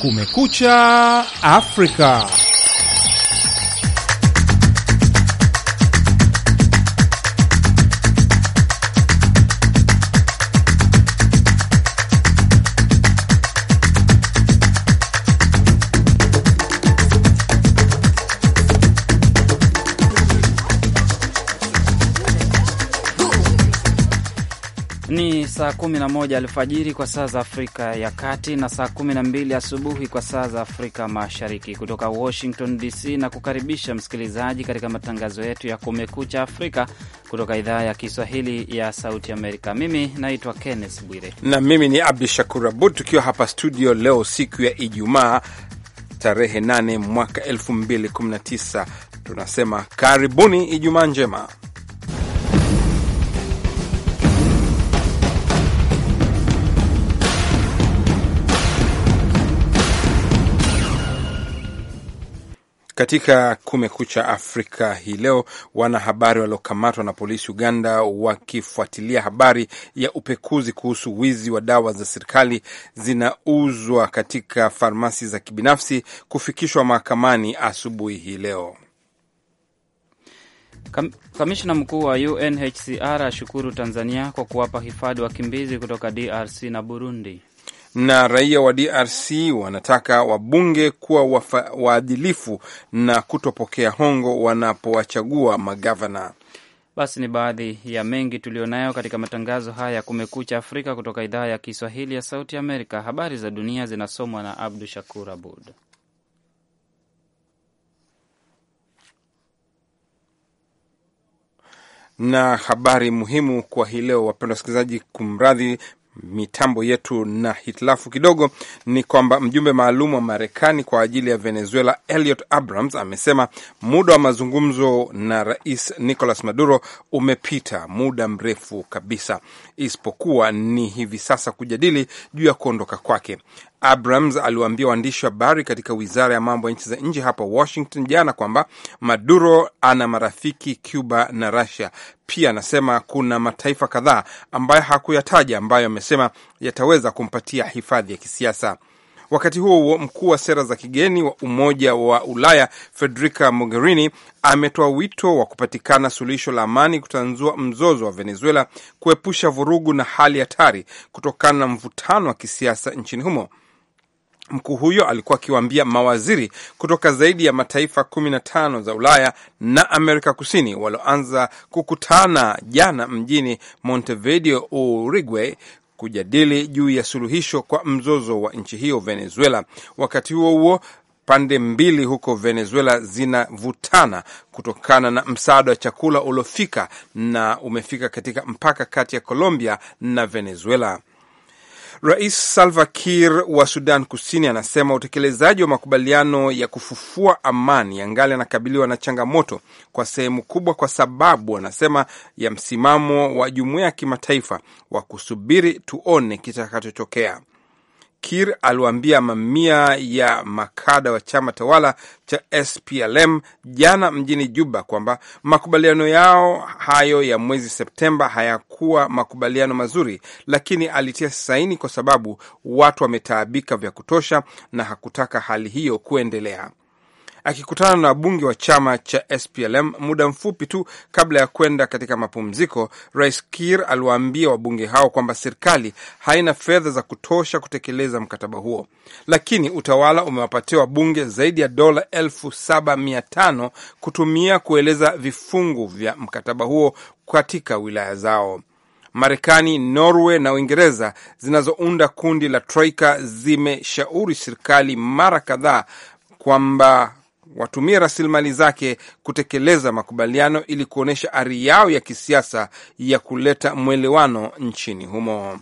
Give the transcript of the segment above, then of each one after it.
Kumekucha Afrika. saa 11 alfajiri kwa saa za Afrika ya Kati na saa 12 asubuhi kwa saa za Afrika Mashariki, kutoka Washington DC, na kukaribisha msikilizaji katika matangazo yetu ya Kumekucha Afrika kutoka idhaa ya Kiswahili ya Sauti Amerika. Mimi naitwa Kenneth Bwire na mimi ni Abdu Shakur Abud, tukiwa hapa studio leo siku ya Ijumaa tarehe 8 mwaka 2019. Tunasema karibuni, Ijumaa njema. Katika Kumekucha Afrika hii leo, wanahabari waliokamatwa na polisi Uganda wakifuatilia habari ya upekuzi kuhusu wizi wa dawa za serikali zinauzwa katika farmasi za kibinafsi kufikishwa mahakamani asubuhi hii leo. Kamishna mkuu wa UNHCR ashukuru Tanzania kwa kuwapa hifadhi wakimbizi kutoka DRC na Burundi na raia wa DRC wanataka wabunge kuwa waadilifu na kutopokea hongo wanapowachagua magavana. Basi ni baadhi ya mengi tuliyonayo katika matangazo haya ya Kumekucha Afrika kutoka idhaa ya Kiswahili ya Sauti Amerika. Habari za dunia zinasomwa na Abdu Shakur Abud. na habari muhimu kwa hii leo, wapendwa wasikilizaji, kumradhi, mitambo yetu na hitilafu kidogo, ni kwamba mjumbe maalum wa Marekani kwa ajili ya Venezuela Elliot Abrams amesema muda wa mazungumzo na Rais Nicolas Maduro umepita muda mrefu kabisa, isipokuwa ni hivi sasa kujadili juu ya kuondoka kwake. Abrams aliwaambia waandishi wa habari katika wizara ya mambo ya nchi za nje hapa Washington jana kwamba Maduro ana marafiki Cuba na Russia. Pia anasema kuna mataifa kadhaa ambayo hakuyataja ambayo amesema yataweza kumpatia hifadhi ya kisiasa. Wakati huo huo mkuu wa sera za kigeni wa Umoja wa Ulaya Federica Mogherini ametoa wito wa kupatikana suluhisho la amani kutanzua mzozo wa Venezuela, kuepusha vurugu na hali hatari kutokana na mvutano wa kisiasa nchini humo. Mkuu huyo alikuwa akiwaambia mawaziri kutoka zaidi ya mataifa kumi na tano za Ulaya na Amerika Kusini walioanza kukutana jana mjini Montevideo, Uruguay kujadili juu ya suluhisho kwa mzozo wa nchi hiyo Venezuela. Wakati huo huo, pande mbili huko Venezuela zinavutana kutokana na msaada wa chakula uliofika na umefika katika mpaka kati ya Colombia na Venezuela. Rais Salva Kiir wa Sudan Kusini anasema utekelezaji wa makubaliano ya kufufua amani yangali anakabiliwa na changamoto kwa sehemu kubwa, kwa sababu anasema ya msimamo wa jumuiya ya kimataifa wa kusubiri tuone kitakachotokea. Kir aliwaambia mamia ya makada wa chama tawala cha SPLM jana mjini Juba kwamba makubaliano yao hayo ya mwezi Septemba hayakuwa makubaliano mazuri, lakini alitia saini kwa sababu watu wametaabika vya kutosha, na hakutaka hali hiyo kuendelea akikutana na wabunge wa chama cha SPLM muda mfupi tu kabla ya kwenda katika mapumziko. Rais Kir aliwaambia wabunge hao kwamba serikali haina fedha za kutosha kutekeleza mkataba huo, lakini utawala umewapatia wabunge zaidi ya dola elfu saba mia tano kutumia kueleza vifungu vya mkataba huo katika wilaya zao. Marekani, Norway na Uingereza zinazounda kundi la Troika zimeshauri serikali mara kadhaa kwamba watumie rasilimali zake kutekeleza makubaliano ili kuonyesha ari yao ya kisiasa ya kuleta mwelewano nchini humo.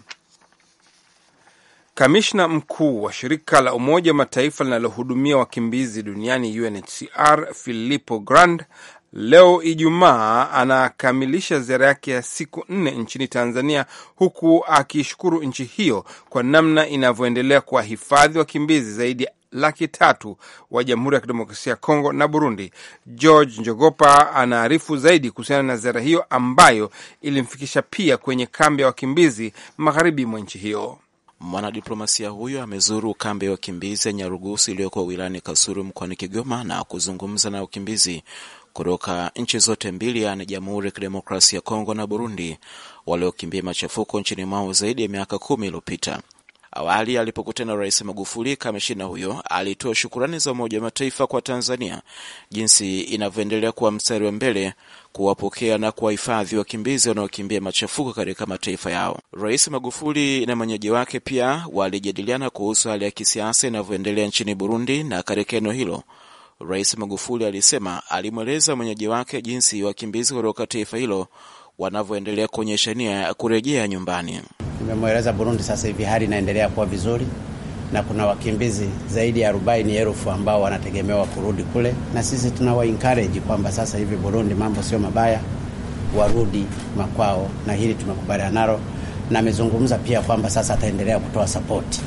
Kamishna mkuu wa shirika la Umoja wa Mataifa linalohudumia wakimbizi duniani UNHCR Filippo Grandi leo Ijumaa anakamilisha ziara yake ya siku nne nchini Tanzania, huku akishukuru nchi hiyo kwa namna inavyoendelea kuwahifadhi wakimbizi zaidi ya laki tatu wa Jamhuri ya Kidemokrasia ya Kongo na Burundi. George Njogopa anaarifu zaidi kuhusiana na ziara hiyo ambayo ilimfikisha pia kwenye kambi ya wakimbizi magharibi mwa nchi hiyo. Mwanadiplomasia huyo amezuru kambi ya wakimbizi ya Nyarugusu iliyokuwa wilayani Kasuru mkoani Kigoma na kuzungumza na wakimbizi kutoka nchi zote mbili, yaani Jamhuri ya Kidemokrasia ya Kongo na Burundi, waliokimbia machafuko nchini mwao zaidi ya miaka kumi iliyopita. Awali alipokutana Rais Magufuli, kamishina huyo alitoa shukurani za Umoja wa Mataifa kwa Tanzania jinsi inavyoendelea kuwa mstari wa mbele kuwapokea na kuwahifadhi wakimbizi wanaokimbia machafuko katika mataifa yao. Rais Magufuli na mwenyeji wake pia walijadiliana kuhusu hali ya kisiasa inavyoendelea nchini Burundi, na katika eneo hilo Rais Magufuli alisema alimweleza mwenyeji wake jinsi wakimbizi kutoka taifa hilo wanavyoendelea kuonyesha nia ya kurejea nyumbani nimemweleza Burundi sasa hivi hali inaendelea kuwa vizuri na kuna wakimbizi zaidi ya arobaini elfu ambao wanategemewa kurudi kule, na sisi tunawa encourage kwamba sasa hivi Burundi mambo sio mabaya, warudi makwao, na hili tumekubaliana nalo, na amezungumza pia kwamba sasa ataendelea kutoa sapoti.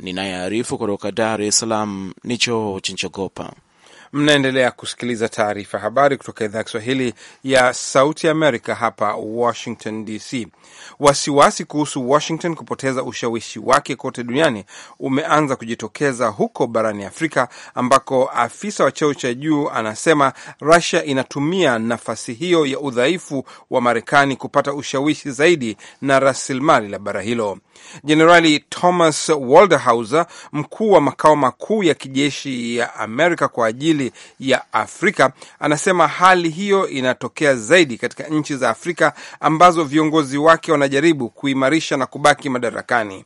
Ninayearifu kutoka Dar es Salaam ni Choo Chinchogopa. Mnaendelea kusikiliza taarifa habari kutoka idhaa ya Kiswahili ya Sauti Amerika hapa Washington DC. Wasiwasi kuhusu Washington kupoteza ushawishi wake kote duniani umeanza kujitokeza huko barani Afrika, ambako afisa wa cheo cha juu anasema Russia inatumia nafasi hiyo ya udhaifu wa Marekani kupata ushawishi zaidi na rasilimali la bara hilo. Jenerali Thomas Walderhauser, mkuu wa makao makuu ya kijeshi ya Amerika kwa ajili asili ya Afrika, anasema hali hiyo inatokea zaidi katika nchi za Afrika ambazo viongozi wake wanajaribu kuimarisha na kubaki madarakani.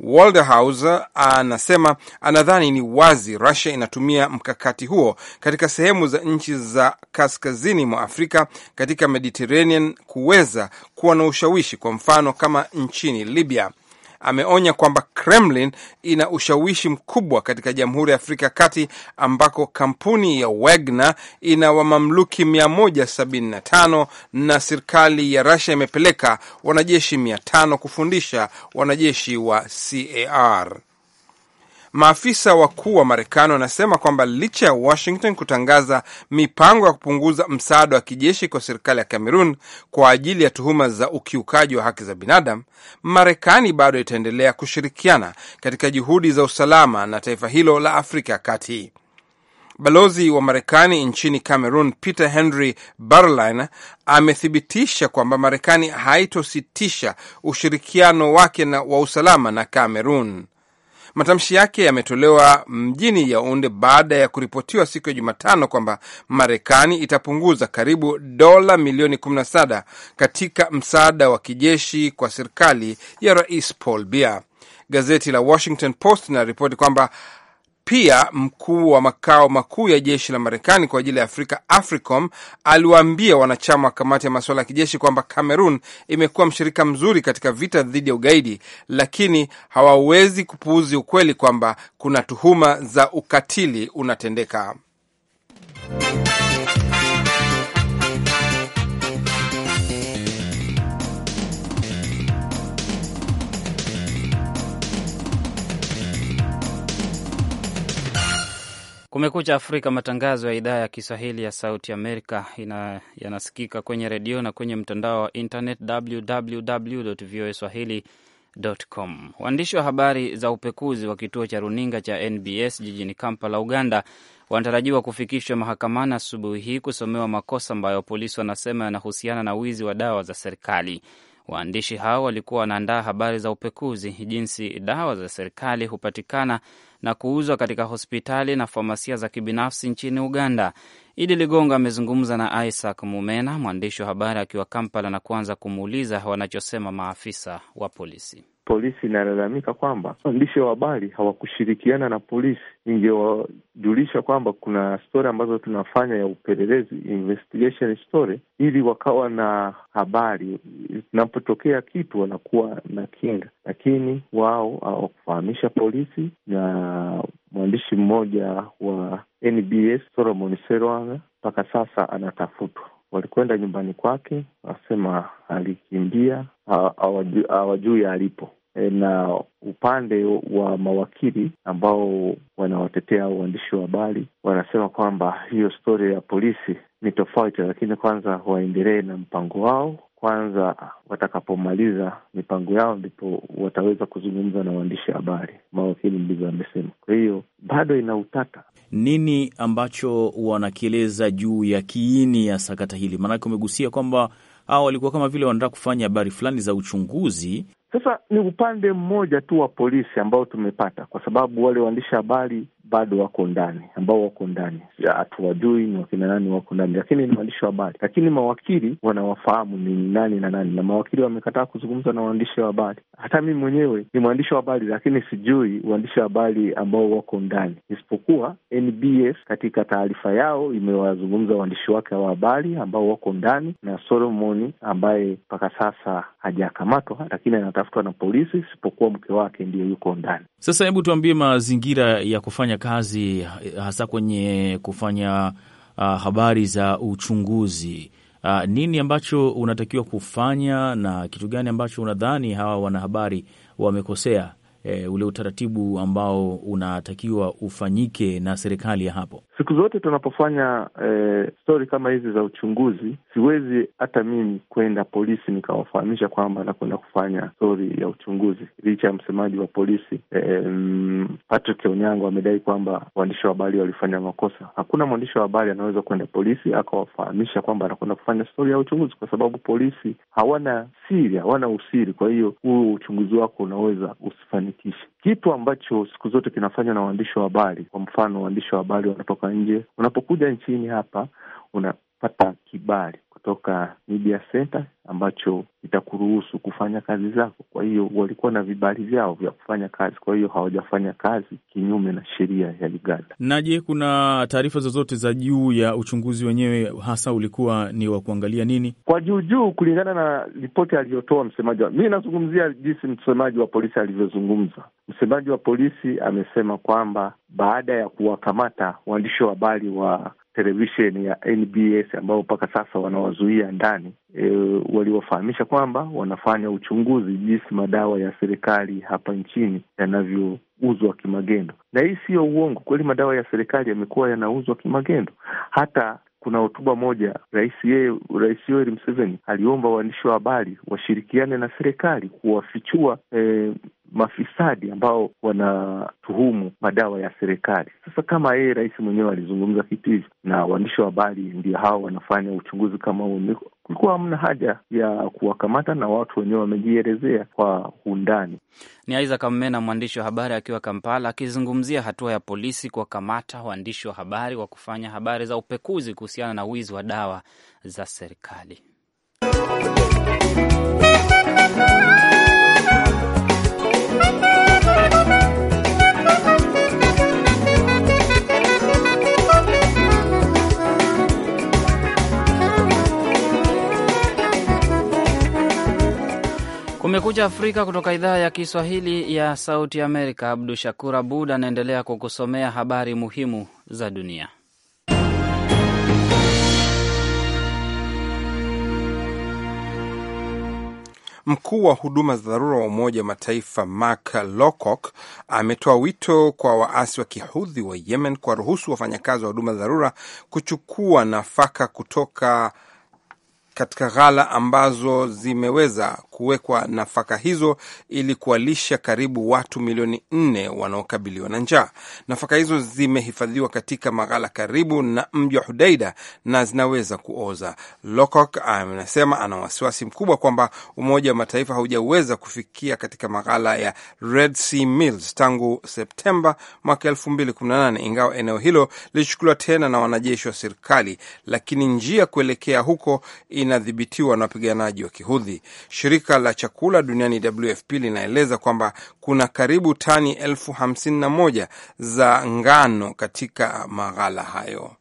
Walderhauser anasema anadhani ni wazi Russia inatumia mkakati huo katika sehemu za nchi za kaskazini mwa Afrika katika Mediterranean kuweza kuwa na ushawishi, kwa mfano kama nchini Libya ameonya kwamba Kremlin ina ushawishi mkubwa katika Jamhuri ya Afrika Kati ambako kampuni ya Wagner ina wamamluki 175 na serikali ya Russia imepeleka wanajeshi 500 kufundisha wanajeshi wa CAR. Maafisa wakuu wa Marekani wanasema kwamba licha ya Washington kutangaza mipango ya kupunguza msaada wa kijeshi kwa serikali ya cameroon kwa ajili ya tuhuma za ukiukaji wa haki za binadamu, Marekani bado itaendelea kushirikiana katika juhudi za usalama na taifa hilo la Afrika ya Kati. Balozi wa Marekani nchini Cameroon Peter Henry Barline amethibitisha kwamba Marekani haitositisha ushirikiano wake na wa usalama na Cameroon. Matamshi yake yametolewa mjini Yaunde baada ya kuripotiwa siku ya Jumatano kwamba Marekani itapunguza karibu dola milioni 17 katika msaada wa kijeshi kwa serikali ya Rais Paul Bia. Gazeti la Washington Post linaripoti kwamba pia mkuu wa makao makuu ya jeshi la Marekani kwa ajili ya Afrika, AFRICOM, aliwaambia wanachama wa kamati ya masuala ya kijeshi kwamba Cameroon imekuwa mshirika mzuri katika vita dhidi ya ugaidi, lakini hawawezi kupuuzi ukweli kwamba kuna tuhuma za ukatili unatendeka. Kumekucha Afrika, matangazo ya idhaa ya Kiswahili ya Sauti Amerika yanasikika kwenye redio na kwenye mtandao wa internet www voa swahili.com. Waandishi wa habari za upekuzi wa kituo cha runinga cha NBS jijini Kampala, Uganda, wanatarajiwa kufikishwa mahakamani asubuhi hii kusomewa makosa ambayo polisi wanasema yanahusiana na wizi wa dawa za serikali. Waandishi hao walikuwa wanaandaa habari za upekuzi, jinsi dawa za serikali hupatikana na kuuzwa katika hospitali na famasia za kibinafsi nchini Uganda. Idi Ligongo amezungumza na Isaac Mumena, mwandishi wa habari akiwa Kampala, na kuanza kumuuliza wanachosema maafisa wa polisi polisi inalalamika kwamba waandishi wa habari hawakushirikiana na polisi. ingewajulisha kwamba kuna stori ambazo tunafanya ya upelelezi, investigation story, ili wakawa na habari zinapotokea kitu wanakuwa na kinga, lakini wao hawakufahamisha polisi na mwandishi mmoja wa NBS Solomon Serwanga mpaka sasa anatafutwa. Walikwenda nyumbani kwake, wasema alikimbia, hawajui alipo. Eh, na upande wa mawakili ambao wanawatetea waandishi wa habari wanasema kwamba hiyo stori ya polisi ni tofauti, lakini kwanza waendelee na mpango wao. Kwanza watakapomaliza mipango yao ndipo wataweza kuzungumza na waandishi habari, mawakili ndivyo amesema. Kwa hiyo bado ina utata. Nini ambacho wanakieleza juu ya kiini ya sakata hili? Maanake umegusia kwamba hawa walikuwa kama vile wanataka kufanya habari fulani za uchunguzi sasa ni upande mmoja tu wa polisi ambao tumepata, kwa sababu wale waandishi habari bado wako ndani, ambao wako ndani, hatuwajui ni wakina nani wako ndani, lakini ni waandishi wa habari. Lakini mawakili wanawafahamu ni nani na nani, na mawakili wamekataa kuzungumza na waandishi wa habari. Hata mimi mwenyewe ni mwandishi wa habari, lakini sijui waandishi wa habari ambao wako ndani, isipokuwa NBS katika taarifa yao imewazungumza waandishi wake wa habari ambao wako ndani na Solomoni ambaye mpaka sasa hajakamatwa, lakini anatafutwa na polisi, isipokuwa mke wake ndiyo yuko ndani. Sasa hebu tuambie mazingira ya kufanya kufanya kazi hasa kwenye kufanya uh, habari za uchunguzi uh, nini ambacho unatakiwa kufanya na kitu gani ambacho unadhani hawa wanahabari wamekosea e, ule utaratibu ambao unatakiwa ufanyike na serikali ya hapo? Siku zote tunapofanya e, eh, stori kama hizi za uchunguzi, siwezi hata mimi kwenda polisi nikawafahamisha kwamba nakwenda kufanya stori ya uchunguzi, licha ya msemaji wa polisi e, Patrick Onyango amedai kwamba waandishi wa habari walifanya makosa. Hakuna mwandishi wa habari anaweza kwenda polisi akawafahamisha kwamba anakwenda kufanya stori ya uchunguzi, kwa sababu polisi hawana siri, hawana usiri. Kwa hiyo huu uchunguzi wako unaweza usifanikiwe haitishi, kitu ambacho siku zote kinafanywa na waandishi wa habari. Kwa mfano, waandishi wa habari wanatoka nje, unapokuja nchini hapa unapata kibali kutoka media center ambacho itakuruhusu kufanya kazi zako. Kwa hiyo walikuwa na vibali vyao vya kufanya kazi, kwa hiyo hawajafanya kazi kinyume na sheria ya Uganda. Na je, kuna taarifa zozote za juu ya uchunguzi wenyewe, hasa ulikuwa ni wa kuangalia nini kwa juu juu, kulingana na ripoti aliyotoa msemaji wa, mi nazungumzia jinsi msemaji wa polisi alivyozungumza. Msemaji wa polisi amesema kwamba baada ya kuwakamata waandishi wa habari wa televisheni ya NBS ambao mpaka sasa wanawazuia ndani e, waliwafahamisha kwamba wanafanya uchunguzi jinsi madawa ya serikali hapa nchini yanavyouzwa kimagendo, na hii siyo uongo. Kweli madawa ya serikali yamekuwa yanauzwa kimagendo. Hata kuna hotuba moja rais yeye Rais Yoweri Museveni aliomba waandishi wa habari washirikiane na serikali kuwafichua e, mafisadi ambao wanatuhumu madawa ya serikali. Sasa kama yeye rais mwenyewe alizungumza kitu hivi na waandishi wa habari, ndio hao wanafanya uchunguzi kama huo, kulikuwa hamna haja ya kuwakamata na watu wenyewe wamejielezea kwa undani. Ni Aiza kammena mwandishi wa habari akiwa Kampala, akizungumzia hatua ya polisi kuwakamata waandishi wa habari wa kufanya habari za upekuzi kuhusiana na wizi wa dawa za serikali. Kumekucha Afrika kutoka idhaa ya Kiswahili ya Sauti Amerika. Abdu Shakur Abud anaendelea kukusomea habari muhimu za dunia. Mkuu wa huduma za dharura wa Umoja wa Mataifa Mark Lowcock ametoa wito kwa waasi wa kihudhi wa Yemen kuwaruhusu wafanyakazi wa huduma za dharura kuchukua nafaka kutoka katika ghala ambazo zimeweza kuwekwa nafaka hizo ili kuwalisha karibu watu milioni nne wanaokabiliwa na njaa. Nafaka hizo zimehifadhiwa katika maghala karibu na mji wa Hudaida na zinaweza kuoza. Lokok ah, anasema ana wasiwasi mkubwa kwamba Umoja wa Mataifa haujaweza kufikia katika maghala ya Red Sea Mills tangu Septemba mwaka nane ingawa eneo hilo lilichukuliwa tena na wanajeshi wa serikali, lakini njia kuelekea huko inadhibitiwa na wapiganaji wa Kihudhi. Shirika shirika la chakula duniani WFP linaeleza kwamba kuna karibu tani elfu hamsini na moja za ngano katika maghala hayo.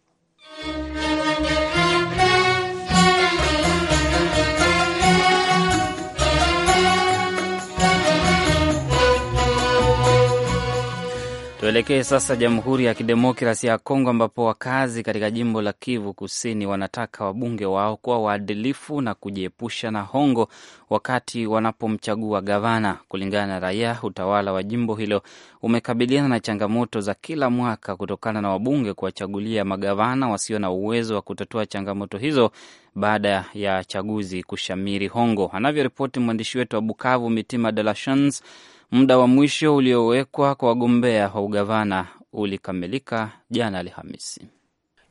Tuelekee sasa Jamhuri ya Kidemokrasia ya Kongo, ambapo wakazi katika jimbo la Kivu Kusini wanataka wabunge wao kuwa waadilifu na kujiepusha na hongo wakati wanapomchagua gavana. Kulingana na raia, utawala wa jimbo hilo umekabiliana na changamoto za kila mwaka kutokana na wabunge kuwachagulia magavana wasio na uwezo wa kutatua changamoto hizo baada ya chaguzi kushamiri hongo, anavyoripoti mwandishi wetu wa Bukavu, Mitima De La Shans. Muda wa mwisho uliowekwa kwa wagombea wa ugavana ulikamilika jana Alhamisi.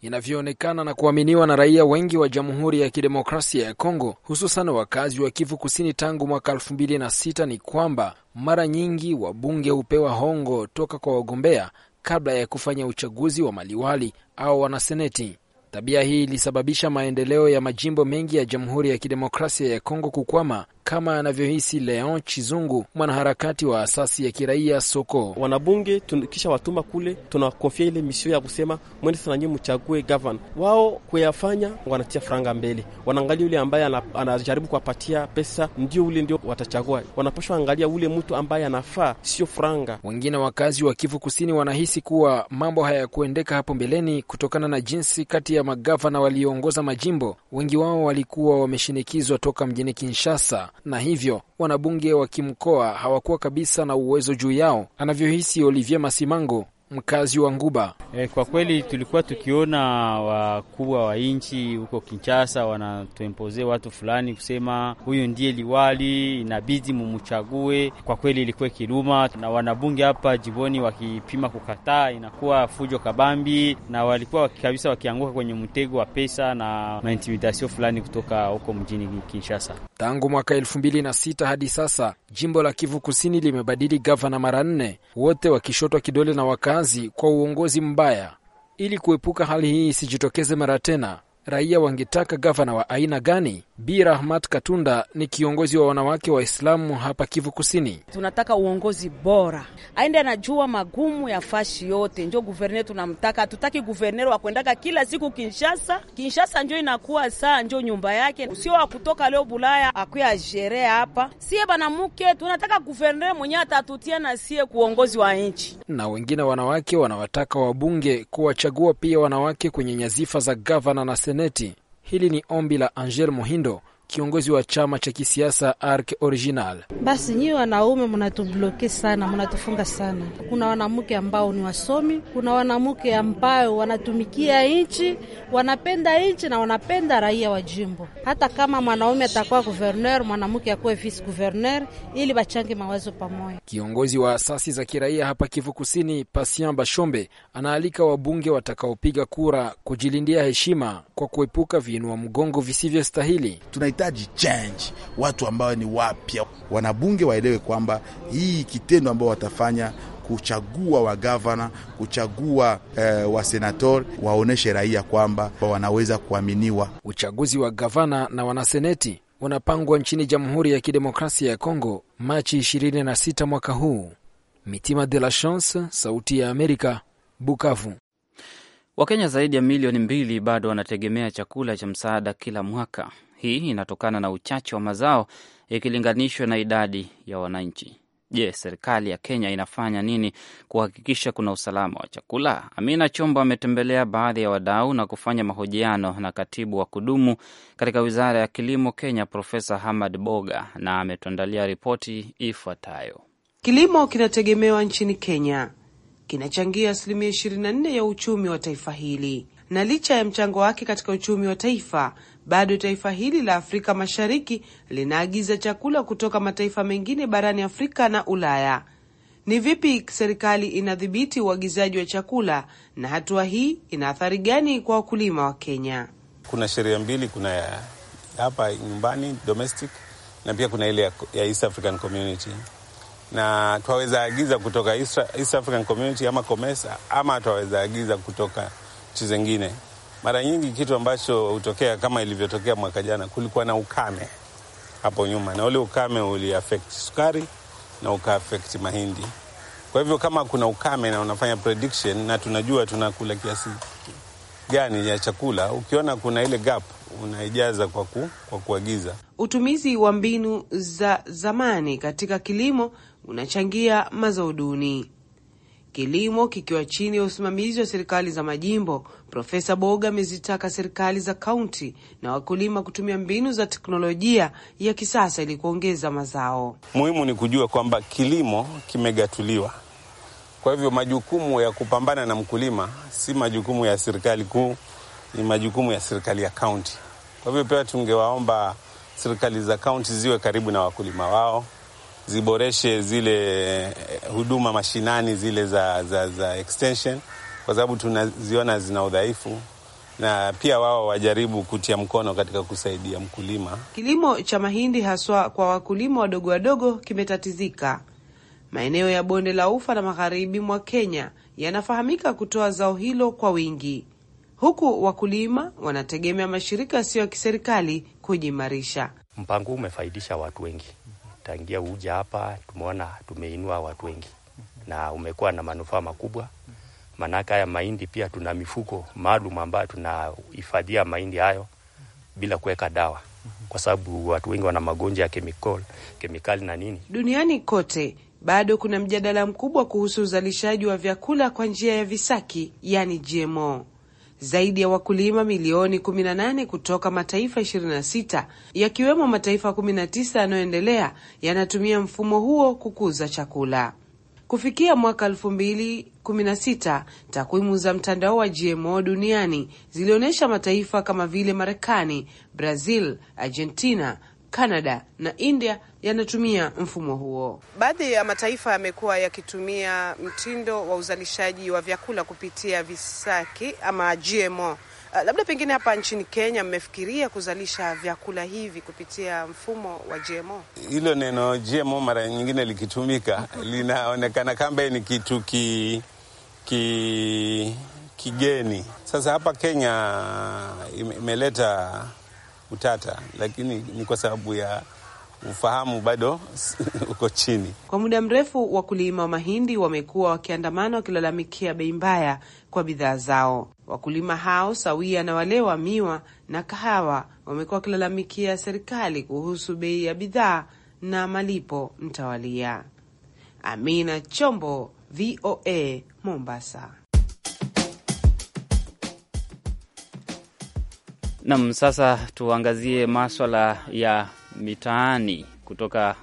Inavyoonekana na kuaminiwa na raia wengi wa Jamhuri ya Kidemokrasia ya Kongo, hususan wakazi wa Kivu Kusini tangu mwaka elfu mbili na sita ni kwamba mara nyingi wabunge hupewa hongo toka kwa wagombea kabla ya kufanya uchaguzi wa maliwali au wanaseneti. Tabia hii ilisababisha maendeleo ya majimbo mengi ya Jamhuri ya Kidemokrasia ya Kongo kukwama kama anavyohisi Leon Chizungu, mwanaharakati wa asasi ya kiraia Soko. Wanabunge kisha watuma kule, tunakofia ile misio ya kusema mwende sana nyie mchague gavana wao. Kuyafanya wanatia franga mbele, wanaangalia yule ambaye anajaribu kuwapatia pesa, ndio ule ndio watachagua. Wanapashwa angalia ule mtu ambaye anafaa, sio franga. Wengine wakazi wa Kivu Kusini wanahisi kuwa mambo hayakuendeka hapo mbeleni kutokana na jinsi kati ya magavana walioongoza majimbo, wengi wao walikuwa wameshinikizwa toka mjini Kinshasa na hivyo wanabunge wa kimkoa hawakuwa kabisa na uwezo juu yao, anavyohisi Olivier Masimango, mkazi wa Nguba. E, kwa kweli tulikuwa tukiona wakubwa wa nchi huko Kinshasa wanatuempoze watu fulani kusema huyu ndiye liwali, inabidi mumchague. Kwa kweli ilikuwa kiluma, na wanabunge hapa jiboni wakipima kukataa inakuwa fujo kabambi, na walikuwa kabisa wakianguka kwenye mtego wa pesa na maintimidasio fulani kutoka huko mjini Kinshasa. Tangu mwaka elfu mbili na sita hadi sasa jimbo la Kivu Kusini limebadili gavana mara nne, wote wakishotwa kidole na waka kisayansi kwa uongozi mbaya. Ili kuepuka hali hii isijitokeze mara tena, raia wangetaka gavana wa aina gani? Bi Rahmat Katunda ni kiongozi wa wanawake Waislamu hapa Kivu Kusini. Tunataka uongozi bora, aende anajua magumu ya fashi yote, njo guverne tunamtaka. Hatutaki guverner wakwendaka kila siku Kinshasa. Kinshasa njo inakuwa saa njo nyumba yake, sio wakutoka leo Bulaya akuya jerea hapa. Sie banamuke tunataka guverner mwenye atatutia na sie kuongozi wa nchi. Na wengine wanawake wanawataka wabunge kuwachagua pia wanawake kwenye nyazifa za gavana na seneti Hili ni ombi la Angel Mohindo kiongozi wa chama cha kisiasa Arc Original. Basi nyiwe wanaume mnatubloke sana, mnatufunga sana. Kuna wanamke ambao ni wasomi, kuna wanamke ambao wanatumikia nchi, wanapenda nchi na wanapenda raia wa jimbo. Hata kama mwanaume atakuwa guverner, mwanamke akuwe vice guverner, ili bachange mawazo pamoja. Kiongozi wa asasi za kiraia hapa Kivu Kusini, Patient Bashombe, anaalika wabunge watakaopiga kura kujilindia heshima kwa kuepuka viinua mgongo visivyostahili. Tuna tunahitaji change, watu ambao ni wapya. Wanabunge waelewe kwamba hii kitendo ambao watafanya kuchagua wagavana, kuchagua eh, wasenator, waoneshe raia kwamba wanaweza kuaminiwa. Uchaguzi wa gavana na wanaseneti unapangwa nchini Jamhuri ya Kidemokrasia ya Kongo Machi 26 mwaka huu. Mitima de la Chance, Sauti ya Amerika, Bukavu. Wakenya zaidi ya milioni mbili bado wanategemea chakula cha msaada kila mwaka. Hii inatokana na uchache wa mazao ikilinganishwa na idadi ya wananchi. Je, serikali ya Kenya inafanya nini kuhakikisha kuna usalama wa chakula? Amina Chombo ametembelea baadhi ya wadau na kufanya mahojiano na katibu wa kudumu katika wizara ya kilimo Kenya, Profesa Hamad Boga, na ametuandalia ripoti ifuatayo. Kilimo kinategemewa nchini Kenya, kinachangia asilimia 24 ya uchumi wa taifa hili, na licha ya mchango wake katika uchumi wa taifa bado taifa hili la Afrika Mashariki linaagiza chakula kutoka mataifa mengine barani Afrika na Ulaya. Ni vipi serikali inadhibiti uagizaji wa chakula na hatua hii ina athari gani kwa wakulima wa Kenya? Kuna sheria mbili, kuna ya hapa nyumbani domestic, na pia kuna ile ya, ya East African Community, na twaweza agiza kutoka East, African Community ama COMESA ama twaweza agiza kutoka nchi zingine. Mara nyingi kitu ambacho hutokea kama ilivyotokea mwaka jana, kulikuwa na ukame hapo nyuma, na ule ukame uliafekt sukari na ukaafekti mahindi. Kwa hivyo kama kuna ukame na unafanya prediction na tunajua tunakula kiasi gani ya chakula, ukiona kuna ile gap unaijaza kwa, ku, kwa kuagiza. Utumizi wa mbinu za zamani katika kilimo unachangia mazao duni kilimo kikiwa chini ya usimamizi wa serikali za majimbo, Profesa Boga amezitaka serikali za kaunti na wakulima kutumia mbinu za teknolojia ya kisasa ili kuongeza mazao. Muhimu ni kujua kwamba kilimo kimegatuliwa, kwa hivyo majukumu ya kupambana na mkulima si majukumu ya serikali kuu, ni majukumu ya serikali ya kaunti. Kwa hivyo pia tungewaomba serikali za kaunti ziwe karibu na wakulima wao ziboreshe zile eh, huduma mashinani zile za, za, za extension kwa sababu tunaziona zina udhaifu na pia wao wajaribu kutia mkono katika kusaidia mkulima. Kilimo cha mahindi haswa kwa wakulima wadogo wadogo kimetatizika. Maeneo ya bonde la ufa na magharibi mwa Kenya yanafahamika kutoa zao hilo kwa wingi, huku wakulima wanategemea mashirika yasiyo ya kiserikali kujiimarisha. Mpango umefaidisha watu wengi tangia uja hapa tumeona tumeinua watu wengi na umekuwa na manufaa makubwa, maanake haya mahindi pia tuna mifuko maalum ambayo tunahifadhia mahindi hayo bila kuweka dawa, kwa sababu watu wengi wana magonjwa ya kemikali, kemikali na nini. Duniani kote bado kuna mjadala mkubwa kuhusu uzalishaji wa vyakula kwa njia ya visaki, yani GMO zaidi ya wakulima milioni 18 kutoka mataifa 26 yakiwemo mataifa 19 yanayoendelea yanatumia mfumo huo kukuza chakula. Kufikia mwaka 2016, takwimu za mtandao wa GMO duniani zilionyesha mataifa kama vile Marekani, Brazil, Argentina Canada na India yanatumia mfumo huo. Baadhi ya mataifa yamekuwa yakitumia mtindo wa uzalishaji wa vyakula kupitia visaki ama GMO. Uh, labda pengine hapa nchini Kenya mmefikiria kuzalisha vyakula hivi kupitia mfumo wa GMO? Hilo neno GMO mara nyingine likitumika linaonekana kama ni kitu ki, ki, kigeni. Sasa hapa Kenya imeleta ime utata, lakini ni kwa sababu ya ufahamu bado uko chini. Kwa muda mrefu, wakulima wa mahindi wamekuwa wakiandamana wakilalamikia bei mbaya kwa bidhaa zao. Wakulima hao sawia na wale wa miwa na kahawa wamekuwa wakilalamikia serikali kuhusu bei ya bidhaa na malipo mtawalia. Amina Chombo, VOA, Mombasa. Nam, sasa tuangazie maswala ya mitaani kutoka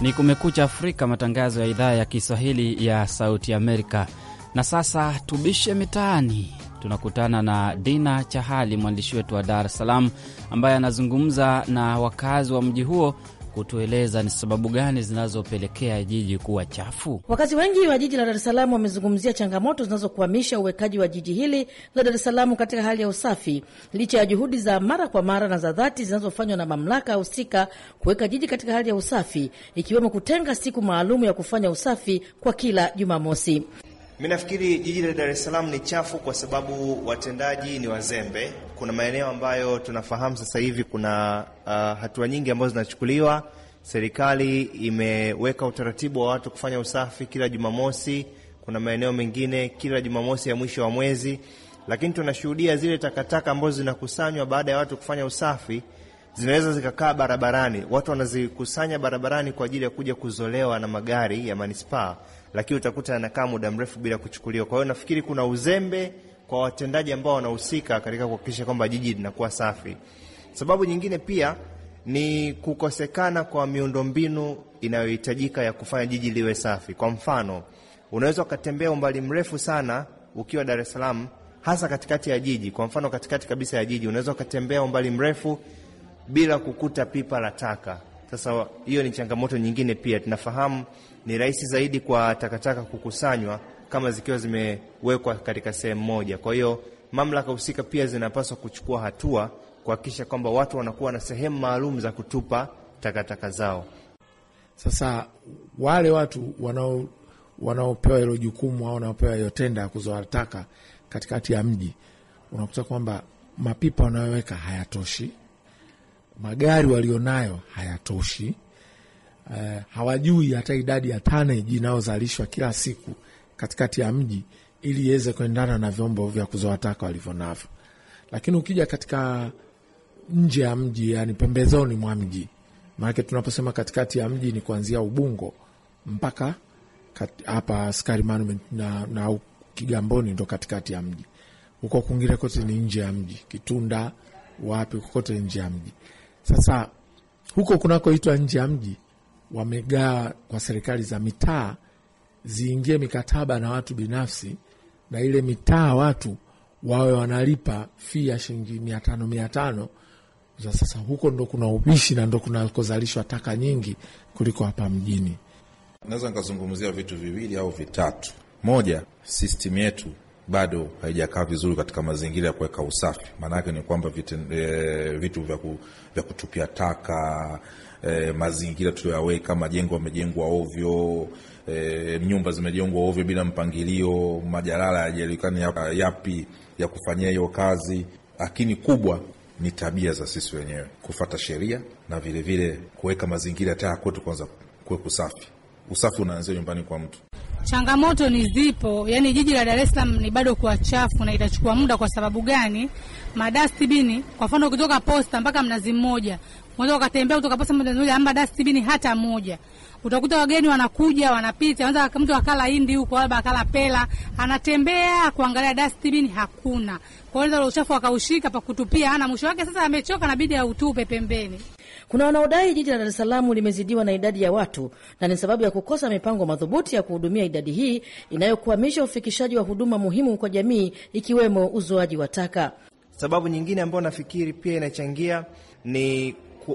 ni Kumekucha Afrika, matangazo ya idhaa ya Kiswahili ya Sauti Amerika. Na sasa tubishe mitaani, tunakutana na Dina Chahali, mwandishi wetu wa Dar es Salaam, ambaye anazungumza na wakazi wa mji huo kutueleza ni sababu gani zinazopelekea jiji kuwa chafu. Wakazi wengi wa jiji la Dar es Salaam wamezungumzia changamoto zinazokwamisha uwekaji wa jiji hili la Dar es Salaam katika hali ya usafi, licha ya juhudi za mara kwa mara na za dhati zinazofanywa na mamlaka husika kuweka jiji katika hali ya usafi, ikiwemo kutenga siku maalum ya kufanya usafi kwa kila Jumamosi. Mimi nafikiri jiji la Dar es Salaam ni chafu kwa sababu watendaji ni wazembe. Kuna maeneo ambayo tunafahamu sasa hivi kuna uh, hatua nyingi ambazo zinachukuliwa. Serikali imeweka utaratibu wa watu kufanya usafi kila Jumamosi. Kuna maeneo mengine kila Jumamosi ya mwisho wa mwezi, lakini tunashuhudia zile takataka ambazo zinakusanywa baada ya watu kufanya usafi zinaweza zikakaa barabarani. Watu wanazikusanya barabarani kwa ajili ya kuja kuzolewa na magari ya manispaa lakini utakuta anakaa muda mrefu bila kuchukuliwa. Kwa hiyo nafikiri kuna uzembe kwa watendaji ambao wanahusika katika kuhakikisha kwamba jiji linakuwa safi. Sababu nyingine pia ni kukosekana kwa miundombinu inayohitajika ya kufanya jiji liwe safi. Kwa mfano, unaweza ukatembea umbali mrefu sana ukiwa Dar es Salaam, hasa katikati ya jiji. Kwa mfano, katikati kabisa ya jiji unaweza ukatembea umbali mrefu bila kukuta pipa la taka. Sasa hiyo ni changamoto nyingine pia. Tunafahamu ni rahisi zaidi kwa takataka kukusanywa kama zikiwa zimewekwa katika sehemu moja. Kwa hiyo mamlaka husika pia zinapaswa kuchukua hatua kuhakikisha kwamba watu wanakuwa na sehemu maalum za kutupa takataka zao. Sasa wale watu wanao wanaopewa hilo jukumu au wanaopewa hiyo tenda ya kuzoa taka katikati ya mji, unakuta kwamba mapipa wanayoweka hayatoshi, magari walionayo hayatoshi. Uh, hawajui hata idadi ya tanaji inayozalishwa kila siku katikati ya mji ili iweze kuendana na vyombo vya kuzoa taka walivyo navyo. Lakini ukija katika nje ya mji, yani pembezoni mwa mji, maanake tunaposema katikati ya mji ni kuanzia Ubungo mpaka hapa Askari Monument na, na Kigamboni ndo katikati ya mji. Huko kwingine kote ni nje ya mji, Kitunda wapi, kokote nje ya mji. Sasa huko kunakoitwa nje ya mji wamegaa kwa serikali za mitaa ziingie mikataba na watu binafsi, na ile mitaa watu wawe wanalipa fii ya shilingi mia tano mia tano za sasa. Huko ndo kuna ubishi na ndo kunakozalishwa taka nyingi kuliko hapa mjini. Naweza nikazungumzia vitu viwili au vitatu. Moja, system yetu bado haijakaa vizuri katika mazingira ya kuweka usafi. Maana yake ni kwamba vitu, e, vitu vya, ku, vya kutupia taka e, mazingira tuliyoyaweka, majengo yamejengwa ovyo e, nyumba zimejengwa ovyo bila mpangilio, majalala ya, yapi ya kufanyia hiyo kazi, lakini kubwa ni tabia za sisi wenyewe kufata sheria na vilevile kuweka mazingira taa kwetu, kwanza kuwe kusafi. Usafi unaanzia nyumbani kwa mtu. Changamoto ni zipo, yani jiji la Dar es Salaam ni bado kuwa chafu na itachukua muda. Kwa sababu gani? Madastibini kwa mfano, kutoka posta mpaka mnazi mmoja, unaweza ukatembea kutoka posta mnazi mmoja, ama dastibini hata moja. Utakuta wageni wanakuja wanapita, anaweza mtu akala hindi huko, labda akala pela, anatembea kuangalia dastibini, hakuna. Kwa hiyo uchafu akaushika pa kutupia, ana mwisho wake. Sasa amechoka, nabidi autupe pembeni. Kuna wanaodai jiji la Dar es Salaam limezidiwa na idadi ya watu na ni sababu ya kukosa mipango madhubuti ya kuhudumia idadi hii inayokwamisha ufikishaji wa huduma muhimu kwa jamii ikiwemo uzoaji wa taka. Sababu nyingine ambayo nafikiri pia inachangia ni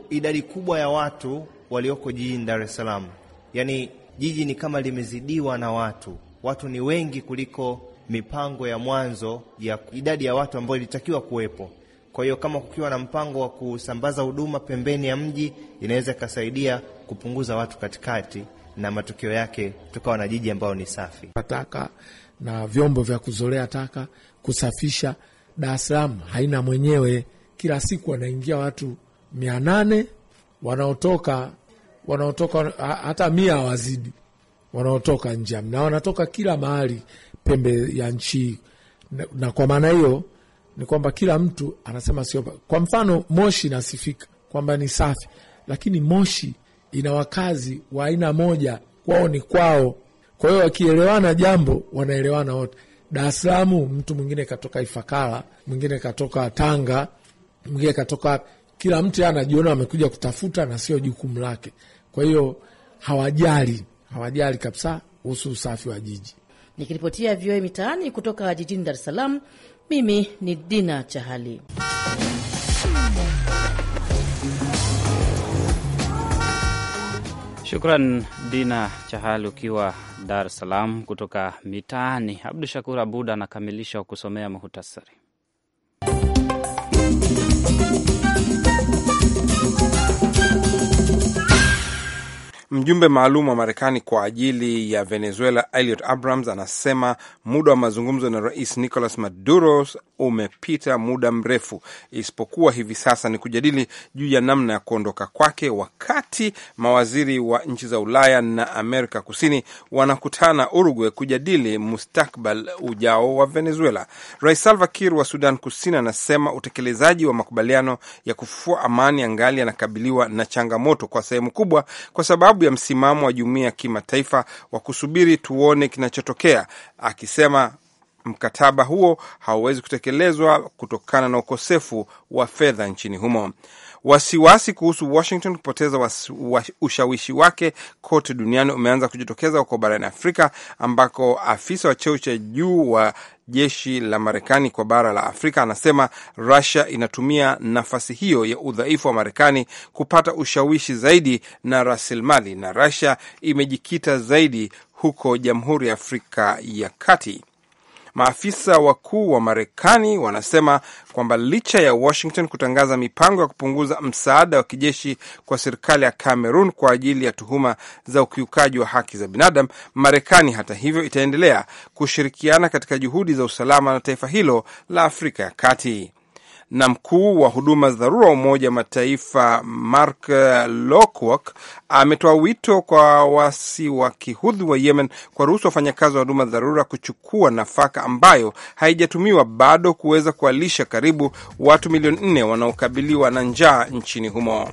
idadi kubwa ya watu walioko jijini Dar es Salaam. Yaani jiji ni kama limezidiwa na watu, watu ni wengi kuliko mipango ya mwanzo ya idadi ya watu ambayo ilitakiwa kuwepo. Kwa hiyo kama kukiwa na mpango wa kusambaza huduma pembeni ya mji, inaweza ikasaidia kupunguza watu katikati, na matokeo yake tukawa na jiji ambayo ni safi. Taka na vyombo vya kuzolea taka, kusafisha. Dar es Salaam haina mwenyewe. Kila siku wanaingia watu mia nane wanaotoka wanaotoka hata mia wazidi wanaotoka nje na wanatoka kila mahali pembe ya nchi, na, na kwa maana hiyo ni kwamba kila mtu anasema sio. Kwa mfano Moshi nasifika kwamba ni safi, lakini Moshi ina wakazi wa aina moja, kwao ni kwao. Kwa hiyo wakielewana jambo wanaelewana wote. Dar es Salaam mtu mwingine katoka Ifakara, mwingine katoka Tanga, mwingine katoka, kila mtu anajiona amekuja kutafuta na sio jukumu lake. Kwa hiyo hawajali, hawajali kabisa kuhusu usafi wa jiji. Nikiripotia VOA Mitaani kutoka jijini Dar es Salaam, mimi ni Dina Chahali. Shukran Dina Chahali ukiwa Dar es Salaam. Kutoka mitaani, Abdu Shakur Abud anakamilisha kusomea muhutasari. Mjumbe maalum wa Marekani kwa ajili ya Venezuela Elliot Abrams anasema muda wa mazungumzo na rais Nicolas Maduro umepita muda mrefu, isipokuwa hivi sasa ni kujadili juu ya namna ya kuondoka kwake, wakati mawaziri wa nchi za Ulaya na Amerika Kusini wanakutana Uruguay kujadili mustakbal ujao wa Venezuela. Rais Salva Kiir wa Sudan Kusini anasema utekelezaji wa makubaliano ya kufufua amani angali yanakabiliwa na changamoto kwa sehemu kubwa, kwa sababu sababu ya msimamo wa jumuiya ya kimataifa wa kusubiri tuone kinachotokea, akisema mkataba huo hauwezi kutekelezwa kutokana na ukosefu wa fedha nchini humo. Wasiwasi kuhusu Washington kupoteza ushawishi wake kote duniani umeanza kujitokeza huko barani Afrika ambako afisa wa cheo cha juu wa jeshi la Marekani kwa bara la Afrika anasema Russia inatumia nafasi hiyo ya udhaifu wa Marekani kupata ushawishi zaidi na rasilimali, na Russia imejikita zaidi huko Jamhuri ya Afrika ya Kati. Maafisa wakuu wa Marekani wanasema kwamba licha ya Washington kutangaza mipango ya kupunguza msaada wa kijeshi kwa serikali ya Cameroon kwa ajili ya tuhuma za ukiukaji wa haki za binadamu, Marekani hata hivyo itaendelea kushirikiana katika juhudi za usalama na taifa hilo la Afrika ya Kati na mkuu wa huduma za dharura wa Umoja wa Mataifa Mark Lowcock ametoa wito kwa wasi wa kihudhi wa Yemen kwa ruhusu wafanyakazi wa huduma za dharura kuchukua nafaka ambayo haijatumiwa bado kuweza kualisha karibu watu milioni nne wanaokabiliwa na njaa nchini humo.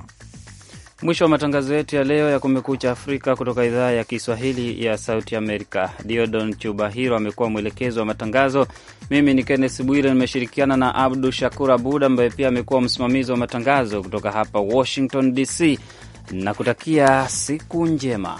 Mwisho wa matangazo yetu ya leo ya Kumekucha Afrika kutoka idhaa ya Kiswahili ya Sauti Amerika. Diodon Chubahiro amekuwa mwelekezi wa matangazo. Mimi ni Kenneth Bwire, nimeshirikiana na Abdu Shakur Abud ambaye pia amekuwa msimamizi wa matangazo kutoka hapa Washington DC, na kutakia siku njema.